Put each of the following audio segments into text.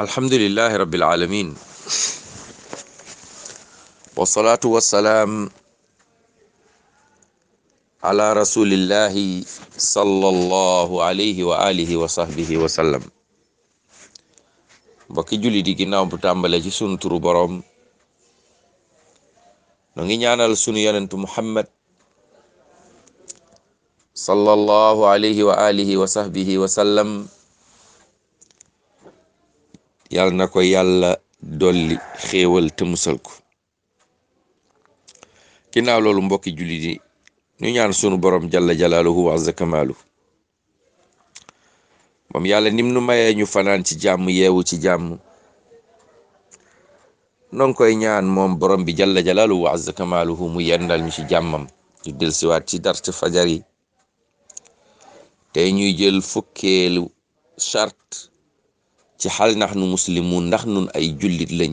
alhamdulilahi rabbil alamin wasalaatu wasalaam ala rasulillahi sallallahu alayhi wa wa sahbihi wa sallam mbokki di ginnaaw bu tàmbale ci sunu turu boroom nu ngi ñaanal sunu yonentu muhammad sallallahu alayhi wa alihi wa sahbihi yàlla na ko yàlla dolli xéewal te musal ko ginnaaw loolu mbokki jullit yi ñu ñaan sunu borom jalla jalaaluhu wa azza kamaaluhu moom yàlla nim nu mayee ñu fanaan ci jàmm yewu ci jàmm noo ngi koy ñaan moom borom bi jalla jalaaluhu wa azza kamaaluhu mu yendal ñu ci jàmmam ñu del siwaat ci dars fajar yi te ñuy jël fukkeelu charte ci xal nax nu muslimun ndax nun ay jullit lañ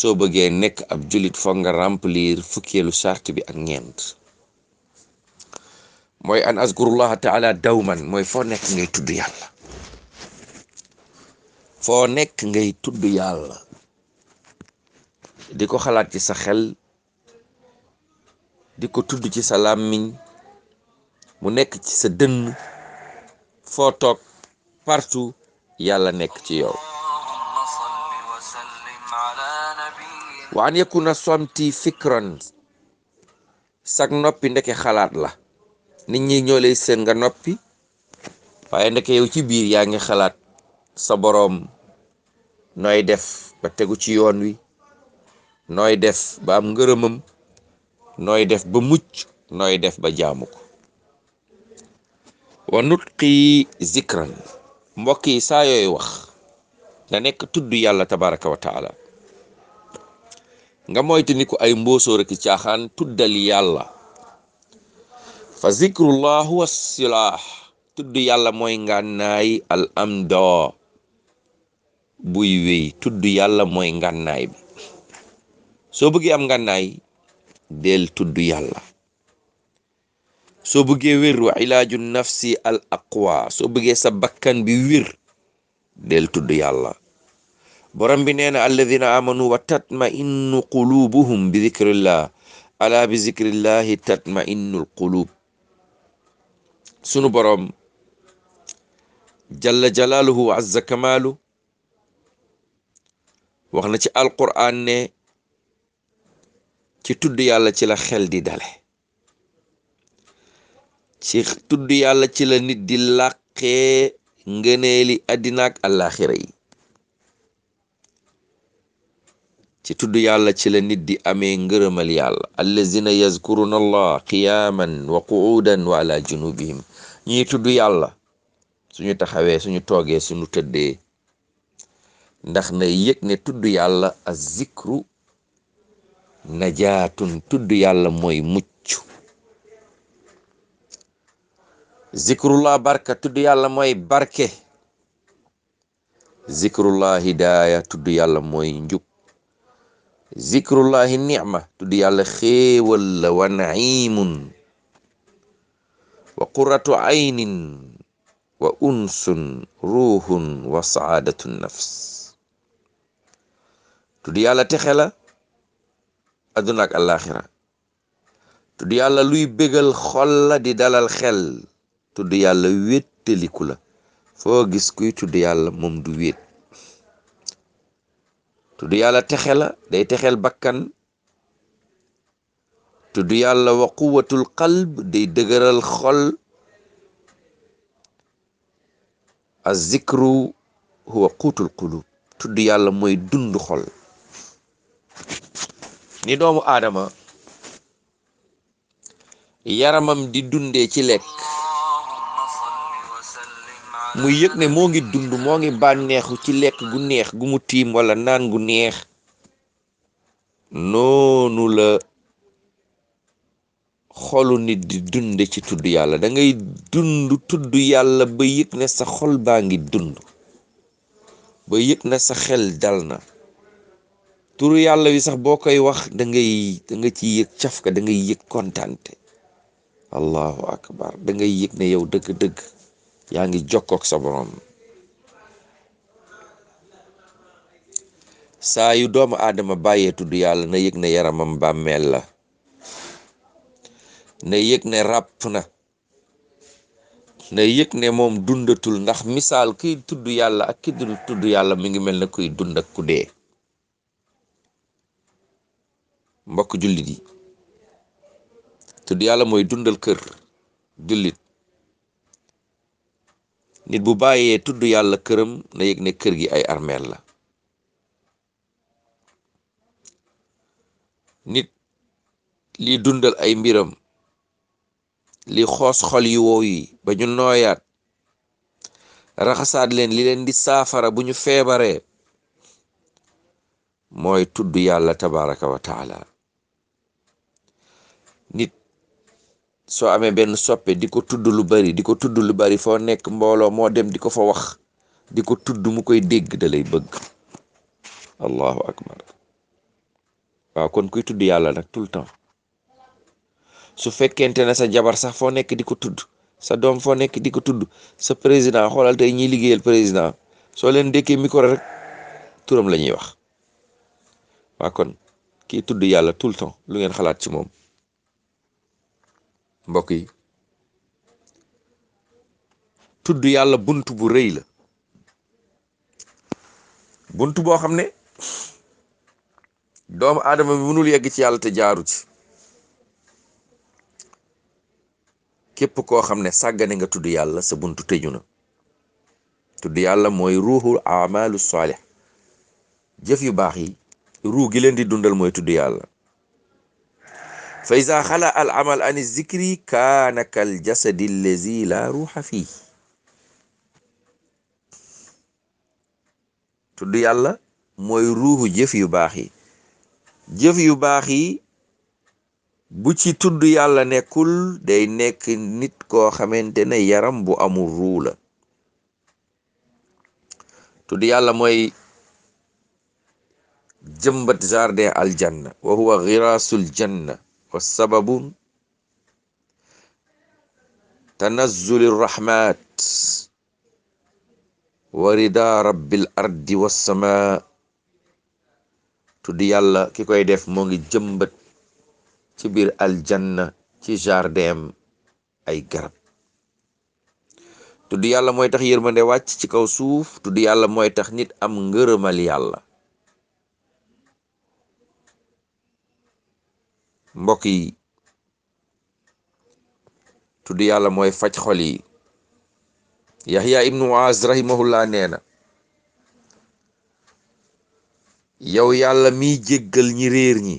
soo bëggee nekk ab jullit foog nga remplir fukkeelu charte bi ak ñeent mooy an azkurullaha taala dawman mooy foo nekk ngay tudd yàlla foo nekk ngay tudd yàlla di ko xalaat ci sa xel di ko tudd ci sa làmmiñ mu nekk ci sa dënn foo toog partout yàlla nekk ci yow wa an yakuna somti fikran sag noppi ndeke xalaat la nit ñi ñoo lay seen nga noppi waaye ndeke yow ci biir yaa ngi xalaat sa boroom nooy def ba tegu ci yoon wi nooy def ba am ngërëmam nooy def ba mucc nooy def ba jaamu ko wa nutqi zikran mbokk yi saa wax na nekk tudd yàlla tabaraka wa taala nga moytandiku ay mbóosóor ak caaxaan tuddal yàlla fa zikrullah huwa silah tudd yàlla mooy ngànnaay al amdo buy wéy tudd yàlla mooy ngànnaay bi soo bëggee am ngànnaay del tudd yàlla soo bëggee wér wa ilaaju nafsi al aqwa soo bëggee sa bakkan bi wér del tudd yàlla borom bi nee na alladina amanu wa tatma innu qulubuhum bi zikrillah ala bi zikrillahi tatma innul qulub sunu borom jalla jalaaluhu wa azza kamaalu wax na ci alqur'an ne ci tudd yàlla ci la xel di dale ci tudd yàlla ci la nit di làqee ngëneeli àddina ak àllaaxira yi ci tudd yàlla ci la nit di amee ngërëmal yàlla allazina yazkuruna allah qiyaaman wa qu'udan wa ala junubihim ñuy tudd yàlla suñu taxawee suñu toogee suñu tëddee ndax na yëg ne tudd yàlla az zikru najaatun tudd yàlla mooy mucc zikrullah barka tudd yàlla mooy barke zikrullah hidaaya tudd yàlla mooy njub zikrullahi nicma tudd yàlla xéewal la wa naimun wa qurratu aynin wa unsun ruuhun wa saadatu nafs tudd yàlla texe la adduna ak àllaaxira tudd yàlla luy bégal xol la di dalal xel tuddu yàlla wéttaliku la foo gis kuy tudd yàlla moom du wéet tudd yàlla texe la day texel bakkan tuddu yàlla wa quwatul qalb day dëgëral xol az-zikru huwa quutul qulub tudd yàlla mooy dund xol ni doomu aadama yaramam di dundee ci lekk mu yëg ne moo ngi dund moo ngi bànneexu ci lekk gu neex gu mu tiim wala naan gu neex noonu la xolu nit di dund ci tudd yàlla da ngay dund tudd yàlla ba yëg ne sa xol baa ngi dund ba yëg ne sa xel dal na turu yàlla wi sax boo koy wax dangay ngay ci yëg cafka da ngay yëg kontaante allahu akbar da ngay yëg ne yow dëgg-dëgg yaa ngi jokkook sa borom saa yu doomu aadama bàyyee tudd yàlla na yëg ne yaramam bàmmeel la na yëg ne ràpp na na yëg ne moom dundatul ndax misaal kiy tudd yàlla ak ki tudd yàlla mi ngi mel ne kuy dund ak ku dee mbokk jullit yi tudd yàlla mooy dundal kër jullit nit bu bàyyee tudd yàlla këram na yëg ne kër gi ay armeel la nit li dundal ay mbiram li xoos xol yu wow yi ba ñu nooyaat raxasaat leen li leen di saafara bu ñu feebaree mooy tudd yàlla tabaraka wa nit soo amee benn soppe di ko tudd lu bari di ko tudd lu bari foo nekk mbooloo moo dem di ko fa wax di ko tudd mu koy dégg da lay bëgg allahu akbar waaw kon kuy tudd yàlla nag tout le temps su fekkente ne sa jabar sax foo nekk di ko tudd sa doom foo nekk di ko tudd sa président xoolal tey ñiy liggéeyal président soo leen dékkee micro rek turam la ñuy wax waa kon kii tudd yàlla tout le temps lu ngeen xalaat ci moom mbokk yi tudd yàlla bunt bu rëy la bunt boo xam ne doomu aadama bi mënul yegg ci yàlla te jaaru ci képp koo xam ne sàggane nga tudd yàlla sa buntu tëju na tudd yàlla mooy ruuxul amalu saalih jëf yu baax yi ruu gi leen di dundal mooy tudd yàlla fa ida xala al amal an zikri kaana kal jasadi allazi la ruuxa fii tudd yàlla mooy ruuxu jëf yu baax yi jëf yu baax yi bu ci tudd yàlla nekkul day nekk nit koo xamante ne yaram bu amul ruu la tudd yàlla mooy jëmbat jardin aljanna wa huwa giraasul janna wa sababu tanazzuli rahmat wa rida rabbil ardi wassama tudd yàlla ki koy def moo ngi jëmbat ci biir aljanna ci jardin ay garab tudd yàlla mooy tax yërmande wàcc ci kaw suuf tudd yàlla mooy tax nit am ngërëmal yàlla mbokk yi tudd yàlla mooy faj xol yi yaxya ibnu waaz rahimahullah nee na yow yàlla mi jéggal ñi réer ñi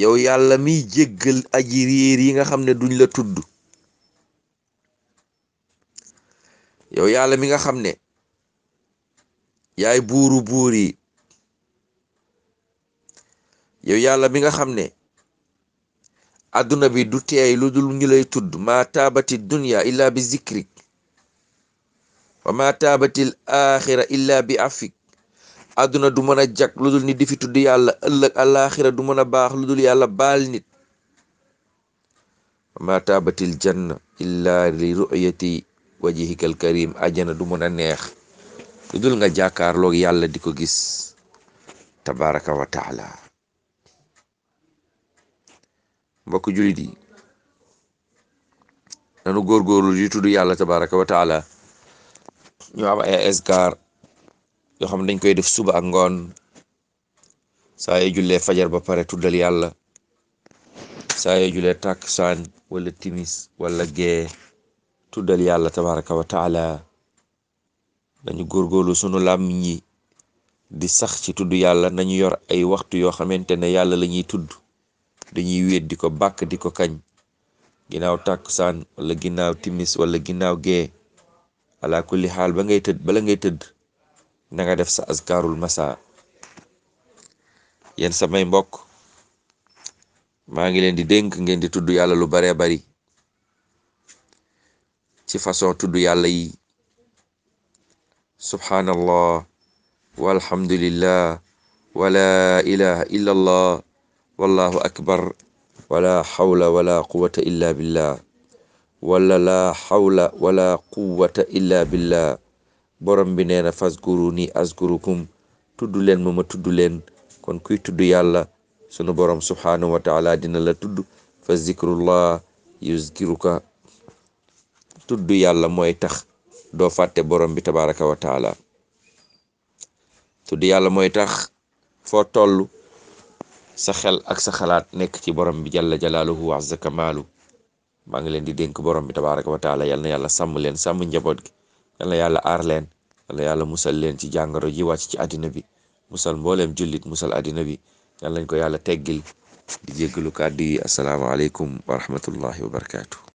yow yàlla mi jéggal aji réer yi nga xam ne duñ la tudd yow yàlla mi nga xam ne yaay buuru buur yi yow yàlla bi nga xam ne adduna bi du teey lu dul ñu lay tudd maa taabati dunya illa bi zikrik wa maa taabatil axira illa bi afik adduna du mën a jag lu dul nit di tudd yàlla du mën a baax lu dul yàlla baal nit wa maa taabatil janna illa li ruyati wajihikal karim ajana du mën a neex lu dul nga jàkkaarloog yàlla di ko gis tabaraka wa taala mbokk jullit yi nanu góorgóorlu di tudd yàlla tabaraka wa taala ñu am ay askar yoo xam ne dañ koy def suba ak ngoon saa yoo jullee fajar ba pare tuddal yàlla saa yoo jullee takkusaan wala timis wala gee tuddal yàlla tabaraka wa taala dañu góorgóorlu sunu làmmiñ yi di sax ci tudd yàlla nañu yor ay waxtu yoo xamante ne yàlla la ñuy tudd dañuy wéet di ko bàkk di ko kañ ginnaaw tàkkusaan wala ginnaaw timis wala ginnaaw gee ala kulli xaal ba ngay tëdd bala ngay tëdd na nga def sa azkaarul masa yéen samay mbokk maa ngi leen di dénk ngeen di tudd yàlla lu baree bari ci façon tudd yàlla yi subhaanallah walhamdulillah wala ilaha illa wallahu akbar wala hawla wala quwata illa billah wala laa hawla wala quwata illa billah borom bi nee na fasguru ni azgurukum tudd leen ma ma tudd leen kon kuy tudd yàlla sunu borom subhanahu wa dina la tudd fa zikrullah yuzkiruka tudd yàlla mooy tax doo fàtte borom bi tabaraka wa taala tudd yàlla mooy tax foo toll sa xel ak sa xalaat nekk ci borom bi jalla jalaaluhu wa azza kamaalu maa ngi leen di dénk borom bi tabaaraka wa taala yal na yàlla sàmm leen sàmm njaboot gi yal yàlla aar leen yal yàlla musal leen ci jàngoro ji wàcc ci àddina bi musal mbooleem jullit musal àddina bi yal nañ ko yàlla teggil di jéggalu kàddu yi asalaamaaleykum wa rahmatullahi wa barakaatu.